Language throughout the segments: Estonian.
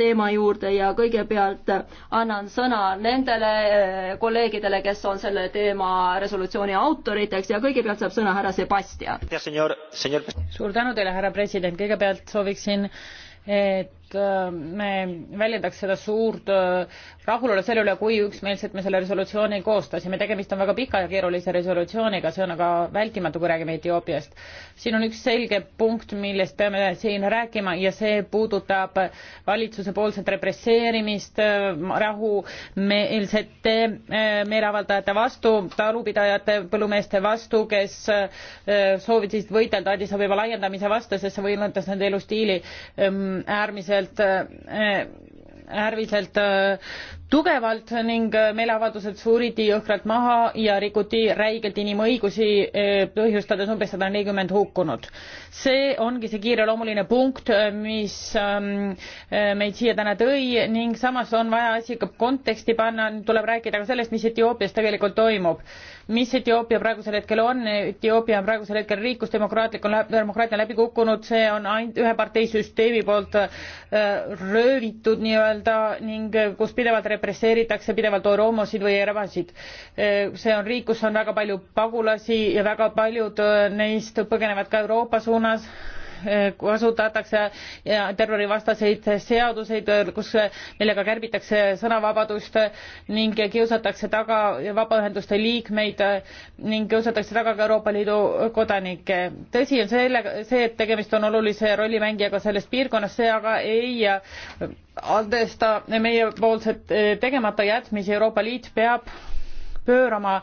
teema juurde ja kõigepealt annan sõna nendele eh, kolleegidele, kes on selle teema resolutsiooni autoriteks ja kõigepealt saab sõna härra Sebastian. suur tänu teile, härra president, kõigepealt sooviksin et eh, Äh, me väljendaks seda suurt äh, rahulolu selle üle, kui üksmeelselt me selle resolutsiooni koostasime. tegemist on väga pika ja keerulise resolutsiooniga, see on aga vältimatu, kui räägime Etioopiast. siin on üks selge punkt, millest peame siin rääkima ja see puudutab valitsuse poolset represseerimist, äh, rahumeelsete meeleavaldajate vastu, talupidajate, põllumeeste vastu, kes soovisid võidelda Addis Abeba laiendamise vastu, sest see võimaldas nende elustiili ähm, äärmiselt äärmiselt äh, äärmiselt äh, tugevalt ning äh, meeleavaldused suriti jõhkralt maha ja rikuti räigelt inimõigusi äh, põhjustades umbes sada nelikümmend hukkunut. see ongi see kiireloomuline punkt äh, mis ähm, meid siia täna tõi ning samas on vaja asi ka konteksti panna tuleb rääkida ka sellest mis etioopias tegelikult toimub mis etioopia praegusel hetkel on etioopia on praegusel hetkel riik kus demokraatlik on demokraatia on läbi kukkunud see on ainult ühe parteisüsteemi poolt röövitud nii öelda ning kus pidevalt represseeritakse pidevalt oromosid või eramasid. see on riik kus on väga palju pagulasi ja väga paljud äh, neist põgenevad ka euroopa suunas kasutatakse äh, äh, terrorivastaseid seaduseid kus millega kärbitakse sõnavabadust ning kiusatakse taga vabaühenduste liikmeid ning kiusatakse taga ka euroopa liidu kodanikke tõsi on selle see et tegemist on olulise rollimängijaga selles piirkonnas see aga ei andesta meiepoolset eh, tegemata jätmisi, Euroopa Liit peab pöörama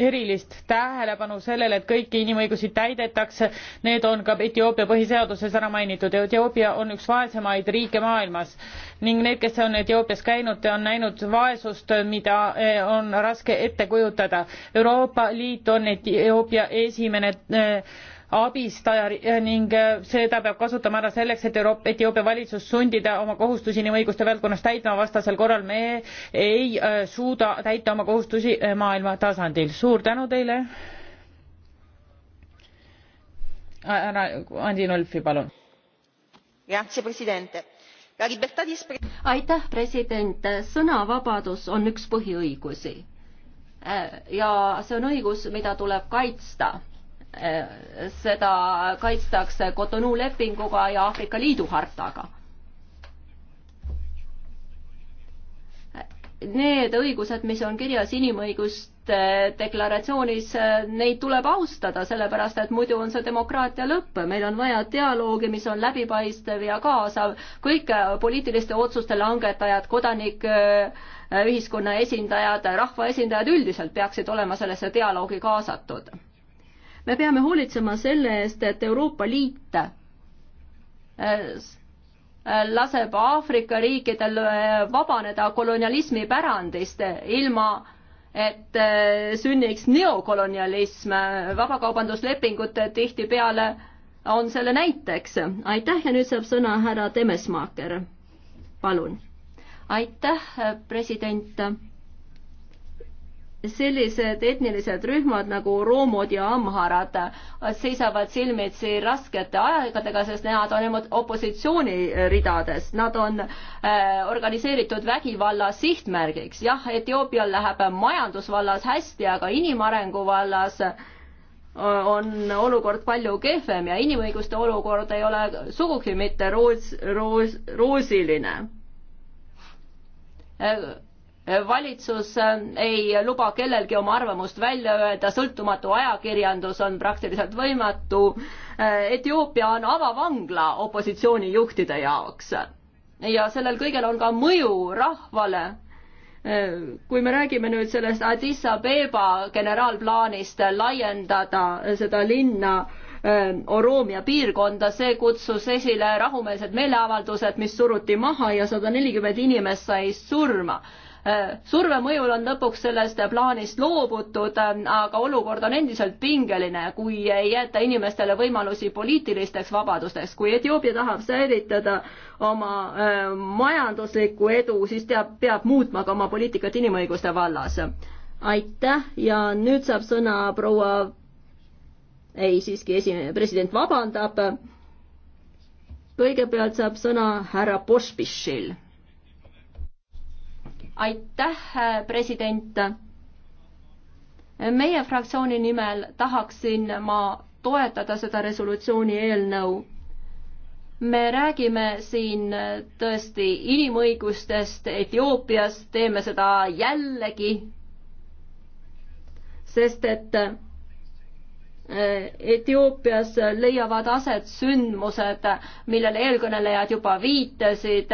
erilist tähelepanu sellele, et kõiki inimõigusi täidetakse, need on ka Etioopia põhiseaduses ära mainitud. Etioopia on üks vaesemaid riike maailmas ning need, kes on Etioopias käinud, on näinud vaesust, mida eh, on raske ette kujutada. Euroopa Liit on Etioopia esimene eh, abistaja äh, ning äh, seda peab kasutama ära selleks et Euroop, etioopia valitsus sundida oma kohustusi inimõiguste valdkonnas täitma vastasel korral me ei äh, suuda täita oma kohustusi maailma tasandil suur tänu teile härra andinolfi palun aitäh president sõnavabadus on üks põhiõigusi ja see on õigus mida tuleb kaitsta Äh, seda kaitstakse Cotonou lepinguga ja Aafrika Liidu hartaga. Need õigused, mis on kirjas inimõiguste deklaratsioonis, neid tuleb austada, sellepärast et muidu on see demokraatia lõpp. meil on vaja dialoogi, mis on läbipaistev ja kaasav. kõik poliitiliste otsuste langetajad, kodanik, ühiskonna esindajad, rahvaesindajad üldiselt peaksid olema sellesse dialoogi kaasatud me peame hoolitsema selle eest, et Euroopa Liit äh, äh, laseb Aafrika riikidel äh, vabaneda kolonialismi pärandist ilma et sünniks neokolonialism, vabakaubanduslepingute tihtipeale on selle näiteks. aitäh ja nüüd saab sõna härra Temesmaaker. palun. aitäh, president sellised etnilised rühmad nagu roomod ja amharad seisavad silmitsi raskete aegadega, sest nemad on opositsiooni ridades, nad on äh, organiseeritud vägivalla sihtmärgiks. jah, Etioopial läheb majandusvallas hästi, aga inimarengu vallas äh, on olukord palju kehvem ja inimõiguste olukord ei ole sugugi mitte roos, roos, roosiline äh, valitsus äh, ei luba kellelgi oma arvamust välja öelda, sõltumatu ajakirjandus on praktiliselt võimatu. Äh, Etioopia on avavangla opositsioonijuhtide jaoks ja sellel kõigel on ka mõju rahvale äh, kui me räägime nüüd sellest Addis Abeba generaalplaanist laiendada seda linna Oroomia piirkonda, see kutsus esile rahumeelsed meeleavaldused, mis suruti maha ja sada nelikümmend inimest sai surma surve mõjul on lõpuks sellest plaanist loobutud, aga olukord on endiselt pingeline, kui ei jäeta inimestele võimalusi poliitilisteks vabadusteks. kui Etioopia tahab säilitada oma äh, majanduslikku edu, siis teab, peab muutma ka oma poliitikat inimõiguste vallas. aitäh ja nüüd saab sõna proua ei, siiski esimene president vabandab. kõigepealt saab sõna härra Pospišil aitäh, äh, president. meie fraktsiooni nimel tahaksin ma toetada seda resolutsiooni eelnõu. me räägime siin äh, tõesti inimõigustest Etioopias, teeme seda jällegi, sest et äh, Etioopias leiavad aset sündmused, millele eelkõnelejad juba viitasid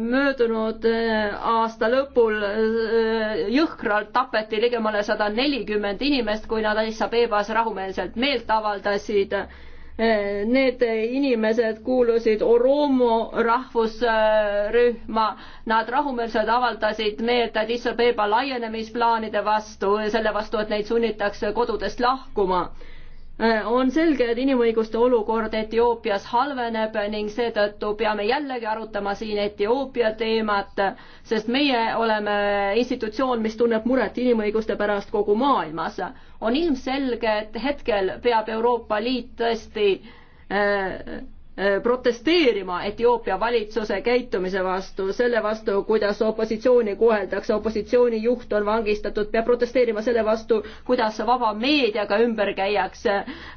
möödunud äh, aasta lõpul äh, jõhkralt tapeti ligemale sada nelikümmend inimest, kui nad Addis Abebas rahumeelselt meelt avaldasid. Äh, need inimesed kuulusid Oromo rahvusrühma, nad rahumeelselt avaldasid meelt Addis Abeba laienemisplaanide vastu, selle vastu, et neid sunnitakse kodudest lahkuma Äh, on selge, et inimõiguste olukord Etioopias halveneb ning seetõttu peame jällegi arutama siin Etioopia teemat, sest meie oleme institutsioon, mis tunneb muret inimõiguste pärast kogu maailmas. on ilmselge, et hetkel peab Euroopa Liit tõesti äh, Äh, protesteerima Etioopia valitsuse käitumise vastu, selle vastu, kuidas opositsiooni koheldakse, opositsiooni juht on vangistatud, peab protesteerima selle vastu, kuidas vaba meediaga ümber käiakse,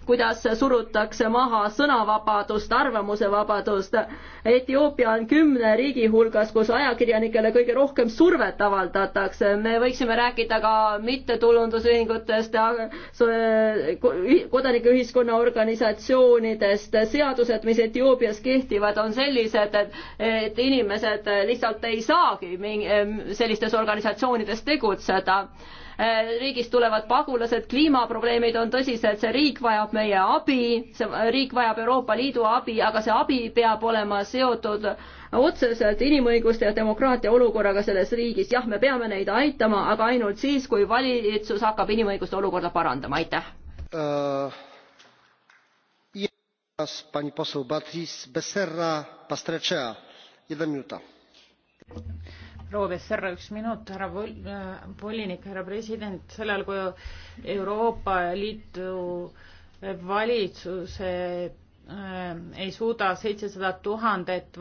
kuidas surutakse maha sõnavabadust, arvamusevabadust. Etioopia on kümne riigi hulgas, kus ajakirjanikele kõige rohkem survet avaldatakse. me võiksime rääkida ka mittetulundusühingutest, äh, kodanikuühiskonna organisatsioonidest, seadused, mis Etioopias kehtivad, on sellised, et, et inimesed lihtsalt ei saagi sellistes organisatsioonides tegutseda. Eh, riigist tulevad pagulased, kliimaprobleemid on tõsised, see riik vajab meie abi, see riik vajab Euroopa Liidu abi, aga see abi peab olema seotud otseselt inimõiguste ja demokraatia olukorraga selles riigis. jah, me peame neid aitama, aga ainult siis, kui valitsus hakkab inimõiguste olukorda parandama, aitäh uh proua becerra üks minut härra äh, volinik härra president sel ajal kui euroopa liidu valitsuse äh, ei suuda seitsesada tuhandet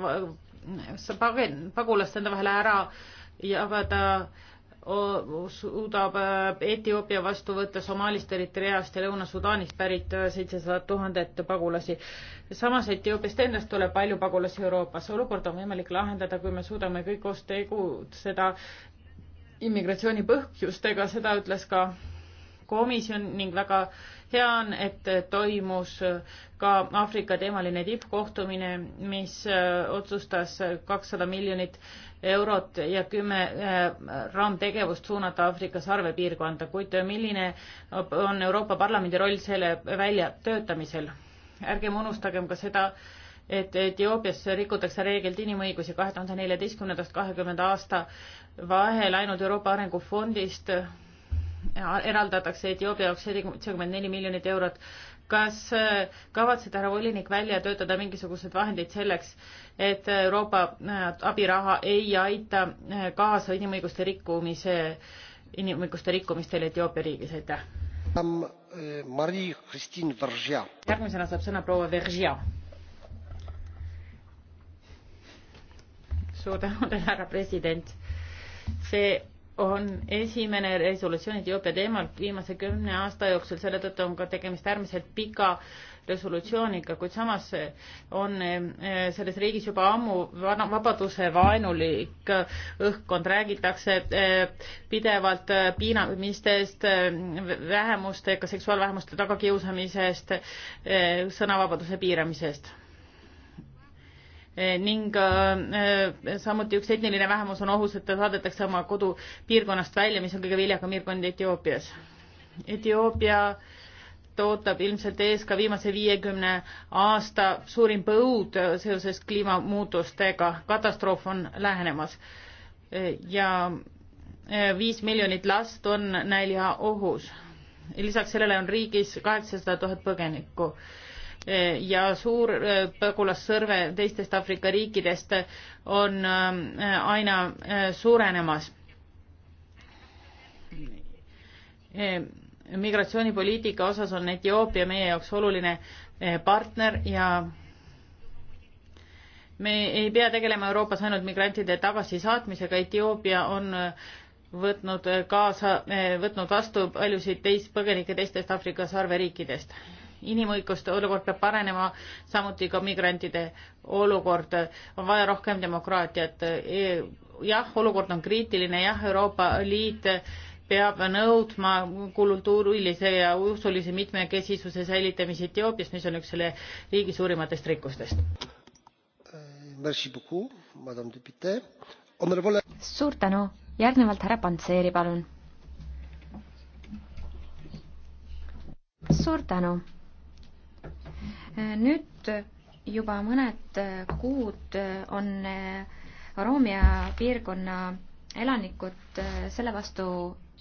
pagulast enda vahel ära jagada suudab äh, Etioopia vastu võtta Somaalist, Eritreast ja Lõuna-Sudaanist pärit äh, seitsesadat tuhandet pagulasi. samas Etioopiast endast tuleb palju pagulasi Euroopasse. olukord on võimalik lahendada, kui me suudame kõik koos tegutseda immigratsiooni põhjustega, seda ütles ka komisjon ning väga hea on, et toimus ka Aafrika teemaline tippkohtumine, mis äh, otsustas kakssada miljonit eurot ja kümme äh, raamtegevust suunata Aafrika sarvepiirkonda, kuid milline on Euroopa Parlamendi roll selle väljatöötamisel? ärgem unustagem ka seda, et Etioopias rikutakse reegelt inimõigusi kahe tuhande neljateistkümnendast kahekümnenda aasta vahel ainult Euroopa Arengufondist eraldatakse Etioopia jaoks seitsekümmend neli miljonit eurot. kas äh, kavatsed, härra volinik, välja töötada mingisugused vahendid selleks, et Euroopa äh, abiraha ei aita äh, kaasa inimõiguste rikkumise, inimõiguste rikkumistele Etioopia riigis, aitäh! E, järgmisena saab sõna proua Veržia. suur tänu teile, härra president. see on esimene resolutsioon Etioopia teemal viimase kümne aasta jooksul, selle tõttu on ka tegemist äärmiselt pika resolutsiooniga, kuid samas on eh, selles riigis juba ammu vabaduse vaenulik õhkkond, räägitakse eh, pidevalt eh, piinamistest, vähemustega, seksuaalvähemuste tagakiusamisest, sõnavabaduse piiramisest Eh, ning eh, eh, samuti üks etniline vähemus on ohus, et ta saadetakse oma kodupiirkonnast välja, mis on kõige viljakam piirkond Etioopias. Etioopia ootab ilmselt ees ka viimase viiekümne aasta suurim põud seoses kliimamuutustega, katastroof on lähenemas ja viis miljonit last on näljaohus. lisaks sellele on riigis kaheksasada tuhat põgenikku ja suur äh, pagulassõrve teistest Aafrika riikidest on äh, aina äh, suurenemas. migratsioonipoliitika osas on Etioopia meie jaoks oluline partner ja me ei pea tegelema Euroopas ainult migrantide tagasisaatmisega, Etioopia on võtnud kaasa, võtnud vastu paljusid teist põgenikke teistest Aafrika sarveriikidest inimõiguste olukord peab paranema, samuti ka migrantide olukord, on vaja rohkem demokraatiat. E, jah, olukord on kriitiline, jah, Euroopa Liit peab nõudma kultuurilise ja usulise mitmekesisuse säilitamist Etioopias, mis on üks selle riigi suurimatest rikkustest. suur tänu, järgnevalt härra Pantseeri, palun. suur tänu nüüd juba mõned kuud on eh, Roomia piirkonna elanikud eh, selle vastu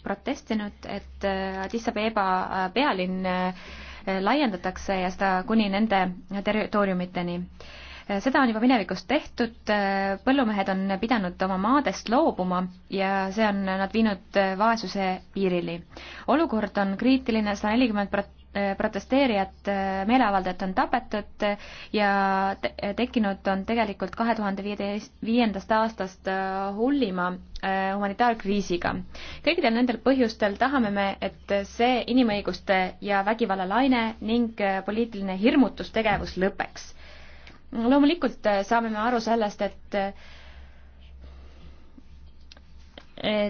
protestinud, et eh, Addis Abeba pealinn laiendatakse ja seda kuni nende territooriumiteni. seda on juba minevikus tehtud, põllumehed on pidanud oma maadest loobuma ja see on nad viinud vaesuse piirini. olukord on kriitiline, sada nelikümmend prot-, Eh, protesteerijat, eh, meeleavaldajat on tapetud ja tekkinud on tegelikult kahe tuhande viieteist, viiendast aastast eh, hullima humanitaarkriisiga. kõikidel nendel põhjustel tahame me, et see inimõiguste ja vägivalla laine ning poliitiline hirmutustegevus lõpeks. loomulikult saame me aru sellest, et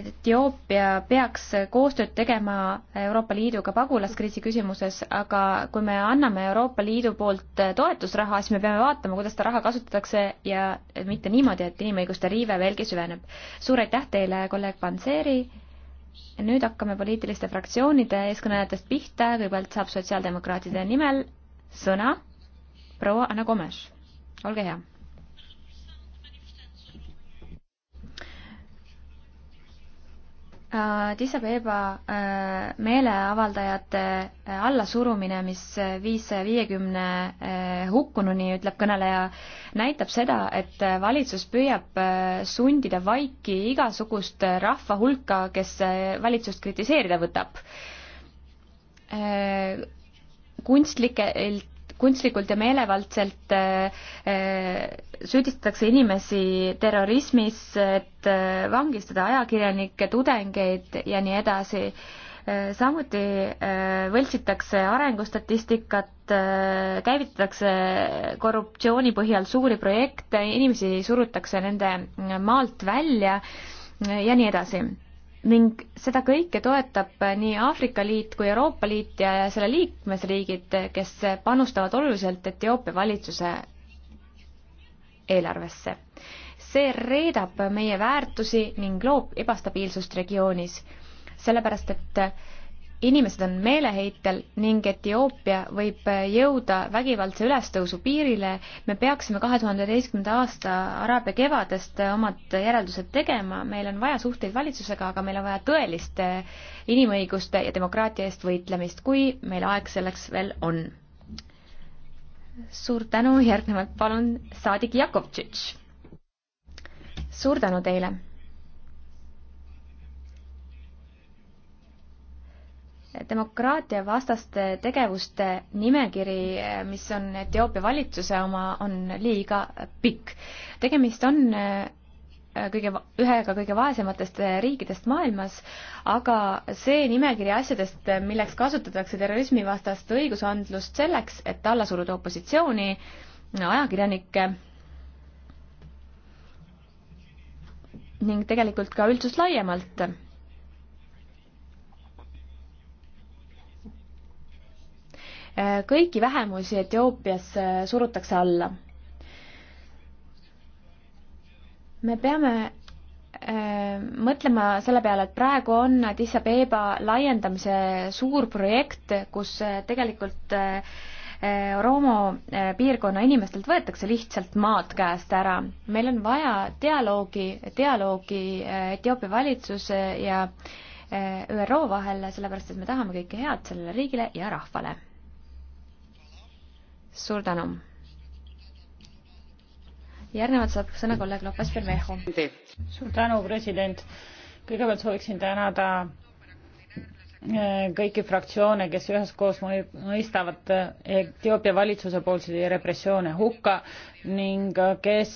Etioopia peaks koostööd tegema Euroopa Liiduga pagulaskriisi küsimuses, aga kui me anname Euroopa Liidu poolt toetusraha, siis me peame vaatama, kuidas seda raha kasutatakse ja mitte niimoodi, et inimõiguste riive veelgi süveneb. suur aitäh teile, kolleeg Panseri. nüüd hakkame poliitiliste fraktsioonide eeskõnelejatest pihta, kõigepealt saab sotsiaaldemokraatide nimel sõna proua Anna Komes, olge hea Äh, Addis Abeba äh, meeleavaldajate äh, allasurumine, mis viis saja viiekümne hukkununi, ütleb kõneleja, näitab seda, et valitsus püüab sundida vaiki igasugust rahva hulka, kes valitsust kritiseerida võtab kunstlikelt kunstlikult ja meelevaldselt äh, äh, süüdistatakse inimesi terrorismis, et äh, vangistada ajakirjanikke, tudengeid ja nii edasi. samuti võltsitakse arengustatistikat, käivitatakse korruptsiooni põhjal suuri projekte, inimesi surutakse nende maalt välja ja nii edasi ning seda kõike toetab äh, nii Aafrika Liit kui Euroopa Liit ja selle liikmesriigid, kes panustavad oluliselt Etioopia valitsuse eelarvesse. see reedab meie väärtusi ning loob ebastabiilsust regioonis, sellepärast et inimesed on meeleheitel ning Etioopia võib jõuda vägivaldse ülestõusu piirile, me peaksime kahe tuhande üheteistkümnenda aasta Araabia kevadest omad järeldused tegema, meil on vaja suhteid valitsusega, aga meil on vaja tõelist inimõiguste ja demokraatia eest võitlemist, kui meil aeg selleks veel on. suur tänu, järgnevalt palun saadik Jakovtšitš. suur tänu teile demokraatia vastaste tegevuste nimekiri, mis on Etioopia valitsuse oma, on liiga pikk. tegemist on äh, kõige, ühega kõige vaesematest äh, riikidest maailmas, aga see nimekiri asjadest, milleks kasutatakse terrorismivastast õigusandlust selleks, et alla suruda opositsiooni, ajakirjanikke ning tegelikult ka üldsust laiemalt kõiki vähemusi Etioopias äh, surutakse alla. me peame äh, mõtlema selle peale, et praegu on Addis Abeba laiendamise suur projekt, kus äh, tegelikult Oromo piirkonna inimestelt võetakse lihtsalt maad käest ära. meil on vaja dialoogi, dialoogi Etioopia valitsuse ja ÜRO vahel, sellepärast et me tahame kõike head sellele riigile ja rahvale suur tänu. järgnevalt saab sõna kolleeg Lopez Bermejo. suur tänu, president. kõigepealt sooviksin tänada äh, kõiki fraktsioone, kes üheskoos mõistavad äh, Etioopia valitsuse poolseid repressioone hukka ning äh, kes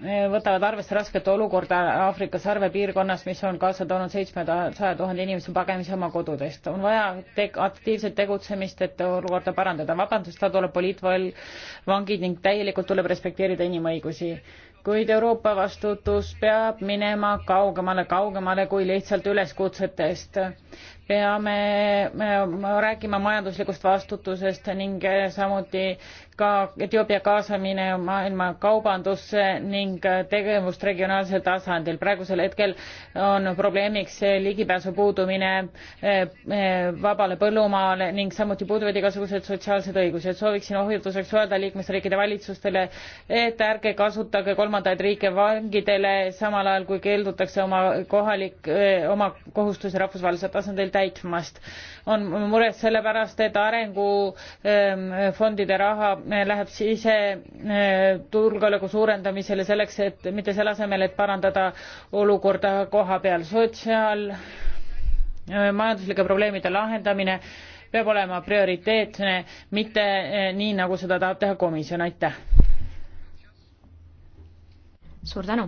Eh, võtavad arvesse rasket olukorda Aafrika sarve piirkonnas, mis on kaasa toonud seitsmesaja tuhande inimese pagemise oma kodudest. on vaja teg-, aktiivset tegutsemist, et olukorda parandada. vabandust, tuleb poliitvall, vangid ning täielikult tuleb respekteerida inimõigusi. kuid Euroopa vastutus peab minema kaugemale, kaugemale kui lihtsalt üleskutsetest peame äh, rääkima majanduslikust vastutusest ning äh, samuti ka Etioopia kaasamine maailma kaubandusse ning äh, tegevust regionaalsel tasandil. praegusel hetkel on probleemiks ligipääsu puudumine vabale põllumaale ning samuti puuduvad igasugused sotsiaalsed õigused. sooviksin ohjelduseks öelda liikmesriikide valitsustele, et ärge kasutage kolmandaid riike vangidele, samal ajal kui keeldutakse oma kohalik, oma kohustusi rahvusvahelisel tasandil täitmast. on mures sellepärast, et arengufondide ähm, raha äh, läheb sisetulgeoleku äh, suurendamisele selleks, et mitte selle asemel, et parandada olukorda koha peal. sotsiaal äh, majanduslike probleemide lahendamine peab olema prioriteetne, mitte nii, nagu seda tahab teha komisjon, aitäh. suur tänu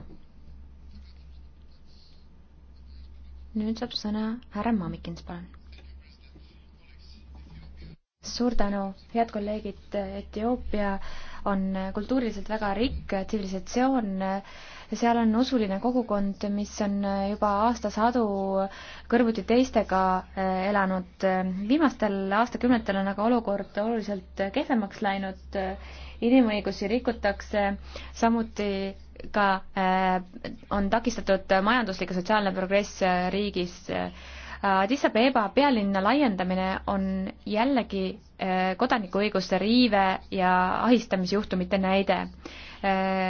nüüd saab sõna härra Mamikins, palun. suur tänu, head kolleegid, Etioopia on kultuuriliselt väga rikk tsivilisatsioon, seal on usuline kogukond, mis on juba aastasadu kõrvuti teistega äh, elanud. viimastel aastakümnetel on aga olukord oluliselt kehvemaks läinud, inimõigusi rikutakse, samuti ka äh, on takistatud majanduslik ja sotsiaalne progress äh, riigis. Addis Abeba pealinna laiendamine on jällegi äh, kodanikuõiguste riive ja ahistamisjuhtumite näide.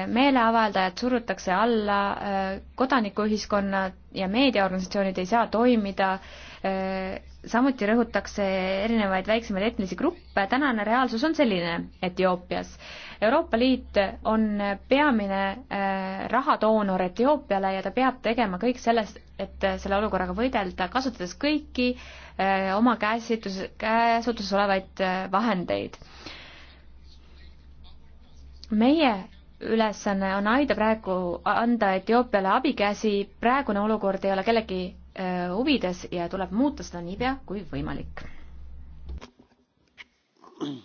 meeleavaldajad surutakse alla, kodanikuühiskonnad ja meediaorganisatsioonid ei saa toimida, samuti rõhutakse erinevaid väiksemaid etnilisi gruppe, tänane reaalsus on selline Etioopias. Euroopa Liit on peamine äh, rahatoonor Etioopiale ja ta peab tegema kõik sellest, et äh, selle olukorraga võidelda, kasutades kõiki äh, oma käesitus, käesutuses olevaid vahendeid. meie ülesanne on aida praegu anda Etioopiale abikäsi, praegune olukord ei ole kellegi Äh, huvides ja tuleb muuta seda niipea kui võimalik. Uh,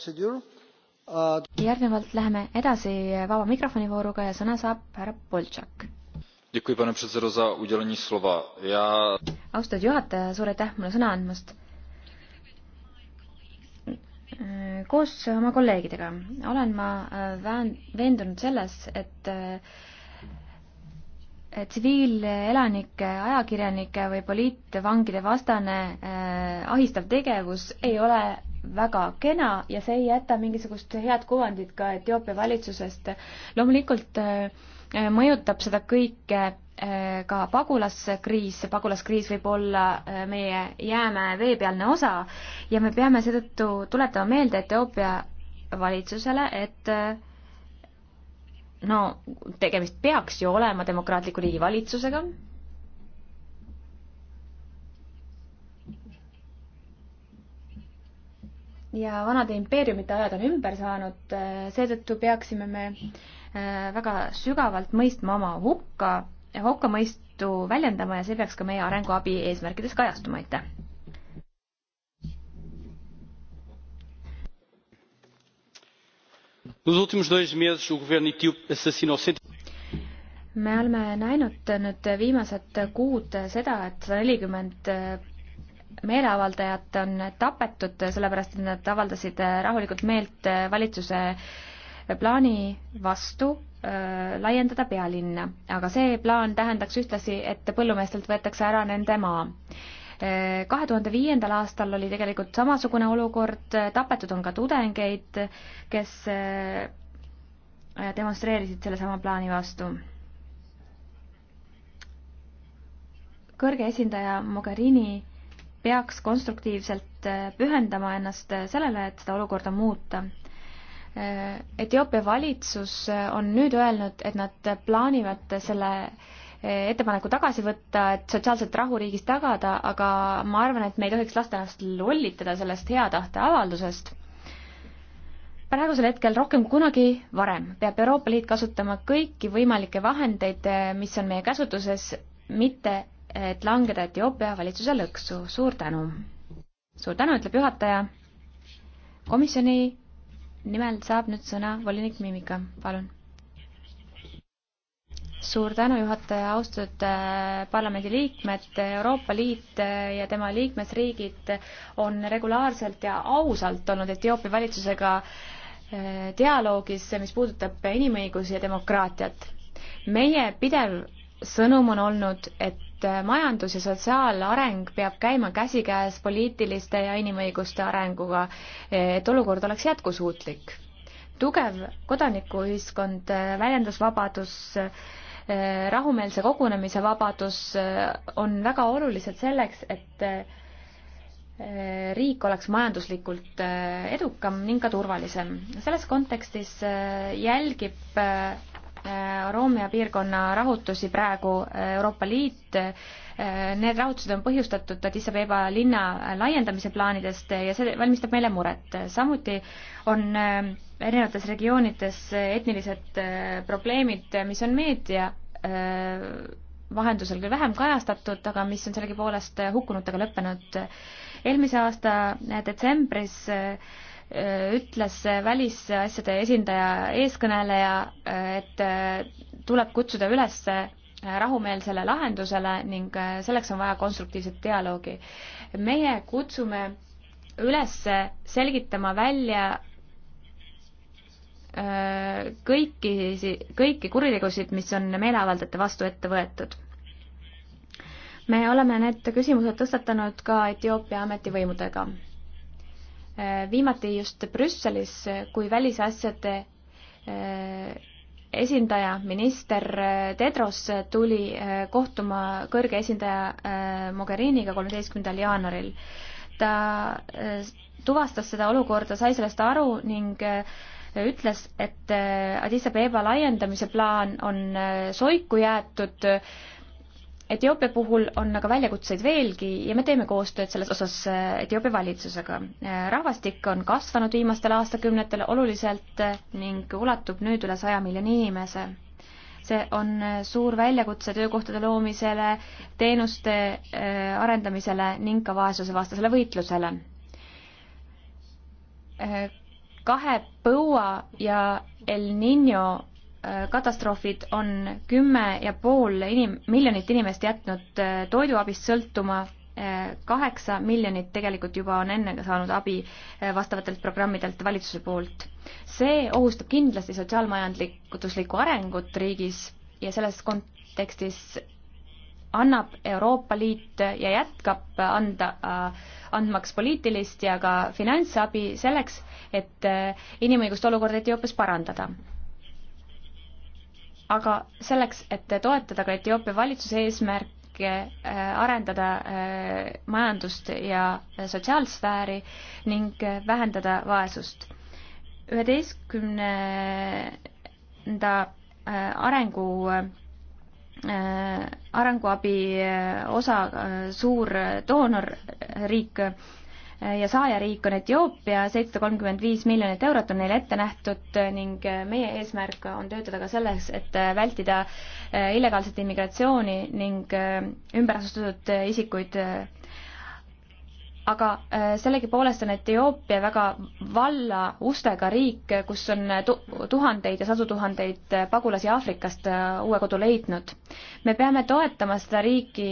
uh, järgnevalt läheme edasi vaba mikrofoni vooruga ja sõna saab härra Boltšak. pane předsedo za udělení slova. Já... austatud juhataja, suur aitäh mulle sõna andmast koos oma kolleegidega olen ma äh, veendunud selles, äh, et tsiviilelanike, ajakirjanike või poliitvangide vastane äh, ahistav tegevus ei ole väga kena ja see ei jäta mingisugust head kuvandit ka Etioopia valitsusest. loomulikult äh, Eh, mõjutab seda kõike eh, ka pagulaskriis, see pagulaskriis võib olla eh, meie jäämäe veepealne osa ja me peame seetõttu tuletama meelde Etioopia valitsusele, et no tegemist peaks ju olema demokraatliku riigi valitsusega, ja vanade impeeriumite ajad on ümber saanud, seetõttu peaksime me äh, Äh, väga sügavalt mõistma oma hukka, hukkamõistu väljendama ja see peaks ka meie arenguabi eesmärkides kajastuma, aitäh! Nos últimos dois meses o governo etíope assassinou me oleme näinud nüüd viimased kuud seda, et sada nelikümmend äh, meeleavaldajat on tapetud, sellepärast et nad avaldasid rahulikult meelt äh, valitsuse plaani vastu äh, laiendada pealinna, aga see plaan tähendaks ühtlasi, et põllumeestelt võetakse ära nende maa. Äh, kahe tuhande viiendal aastal oli tegelikult samasugune olukord, äh, tapetud on ka tudengeid, kes demonstreerisid sellesama plaani vastu. kõrge esindaja Mogherini peaks konstruktiivselt pühendama ennast sellele, et seda olukorda muuta Etioopia valitsus on nüüd öelnud, et nad plaanivad selle ettepaneku tagasi võtta, et sotsiaalset rahu riigis tagada, aga ma arvan, et me ei tohiks lasta ennast lollitada sellest hea tahte avaldusest praegusel hetkel rohkem kui kunagi varem peab Euroopa Liit kasutama kõiki võimalikke vahendeid, mis on meie käsutuses, mitte et langeda Etioopia valitsuse lõksu. suur tänu! suur tänu, ütleb juhataja. komisjoni nimel saab nüüd sõna volinik Mimika, palun. suur tänu, juhataja, austatud äh, parlamendiliikmed, Euroopa Liit äh, ja tema liikmesriigid on regulaarselt ja ausalt olnud Etioopia valitsusega äh, dialoogis, mis puudutab inimõigusi ja demokraatiat. meie pidev sõnum on olnud, et et äh, majandus- ja sotsiaalareng peab käima käsikäes poliitiliste ja inimõiguste arenguga, e, et olukord oleks jätkusuutlik. tugev kodanikuühiskond, äh, väljendusvabadus, äh, rahumeelse kogunemise vabadus on väga olulised selleks, et e, riik oleks majanduslikult edukam ning ka turvalisem. selles kontekstis jälgib Äh, Romea piirkonna rahutusi praegu äh, Euroopa Liit. Äh, need rahutused on põhjustatud Addis Abeba linna laiendamise plaanidest ja see valmistab meile muret. samuti on erinevates regioonides etnilised probleemid, mis on meedia vahendusel küll vähem kajastatud, aga mis on sellegipoolest hukkunutega lõppenud. eelmise aasta detsembris Äh, ütles välisasjade esindaja eeskõneleja, äh, et äh, tuleb kutsuda üles rahumeelsele lahendusele ning selleks on vaja konstruktiivset dialoogi. meie kutsume üles selgitama välja kõiki, kõiki kuritegusid, mis on meeleavaldajate vastu ette võetud. me oleme need küsimused tõstatanud ka Etioopia ametivõimudega Äh, viimati just Brüsselis, kui välisasjade äh, esindaja, minister äh, Tedros tuli kohtuma kõrge esindaja Mogheriniga kolmeteistkümnendal jaanuaril. ta tuvastas seda olukorda, sai sellest aru ning ütles, et Addis Abeba laiendamise plaan on soiku jäetud Etioopia puhul on aga väljakutseid veelgi ja me teeme koostööd selles osas äh, Etioopia valitsusega. Äh, rahvastik on kasvanud viimastel aastakümnetel oluliselt äh, ning ulatub nüüd üle saja miljoni inimese. see on suur väljakutse töökohtade loomisele, teenuste arendamisele ning ka vaesusevastasele võitlusele. kahe põua ja El Niño Äh, katastroofid on kümme ja pool inim-, miljonit inimest jätnud äh, toiduabist sõltuma, äh, kaheksa miljonit tegelikult juba on enne saanud abi vastavatelt programmidelt valitsuse poolt. see ohustab kindlasti sotsiaalmajanduslikku arengut riigis ja selles kontekstis annab Euroopa Liit ja jätkab anda, andmaks poliitilist ja ka finantsabi selleks, et inimõiguste olukorda Etioopias parandada aga selleks, et toetada ka Etioopia valitsuse eesmärke äh, arendada äh, majandust ja äh, sotsiaalsfääri ning vähendada vaesust. üheteistkümnenda arengu arenguabi osa suur doonorriik ja saajariik on Etioopia, seitsesada kolmkümmend viis miljonit eurot on neile ette nähtud äh, ning äh, meie eesmärk on töötada ka selleks, et äh, vältida illegaalset immigratsiooni ning ümberasustatud isikuid aga sellegipoolest on Etioopia väga valla ustega riik, kus on tu tuhandeid ja sadu tuhandeid pagulasi Aafrikast uue kodu leidnud. me peame toetama seda riiki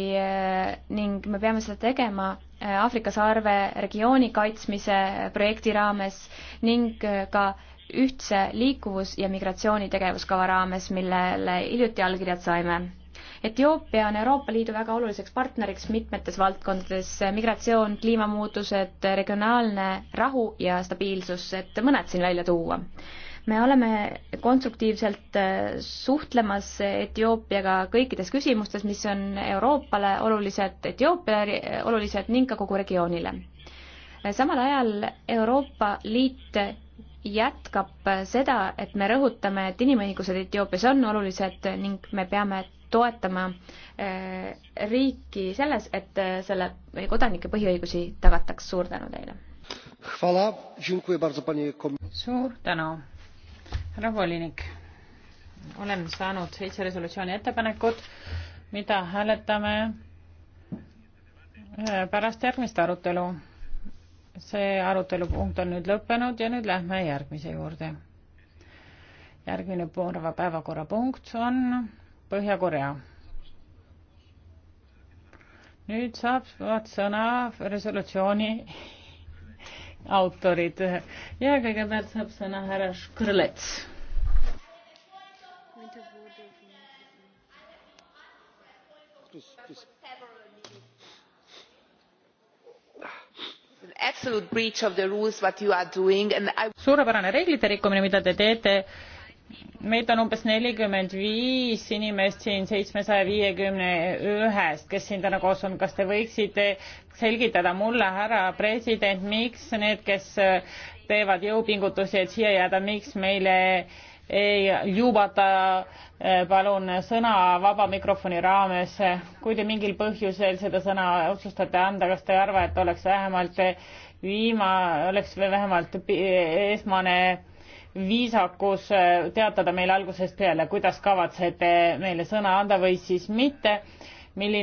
ning me peame seda tegema Aafrika sarve regiooni kaitsmise projekti raames ning ka ühtse liikuvus- ja migratsioonitegevuskava raames, millele hiljuti allkirjad saime. Etioopia on Euroopa Liidu väga oluliseks partneriks mitmetes valdkondades, migratsioon, kliimamuutused, regionaalne rahu ja stabiilsus, et mõned siin välja tuua me oleme konstruktiivselt äh, suhtlemas Etioopiaga kõikides küsimustes, mis on Euroopale olulised, Etioopiale olulised ning ka kogu regioonile. samal ajal Euroopa Liit jätkab seda, et me rõhutame, et inimõigused Etioopias on olulised ning me peame toetama äh, riiki selles, et äh, selle kodanike põhiõigusi tagataks. suur tänu teile! suur tänu! härra volinik, olen saanud seitse resolutsiooni ettepanekut, mida hääletame äh, pärast järgmist arutelu. see arutelupunkt on nüüd lõppenud ja nüüd lähme järgmise juurde. järgmine päevakorrapunkt on Põhja-Korea nüüd saab sõna resolutsiooni autorid. ja kõigepealt saab sõna härra Škrlets. I... suurepärane reeglite rikkumine mida te teete meid on umbes nelikümmend viis inimest siin seitsmesaja viiekümne ühest, kes siin täna koos on. kas te võiksite selgitada mulle, härra president, miks need, kes äh, teevad jõupingutusi, et siia jääda, miks meile ei lubata äh, palun sõna vaba mikrofoni raames. kui te mingil põhjusel seda sõna otsustate anda, kas te ei arva, et oleks vähemalt viima, oleks vähemalt esmane viisakus äh, teatada meile algusest peale, kuidas kavatsete meile sõna anda või siis mitte milline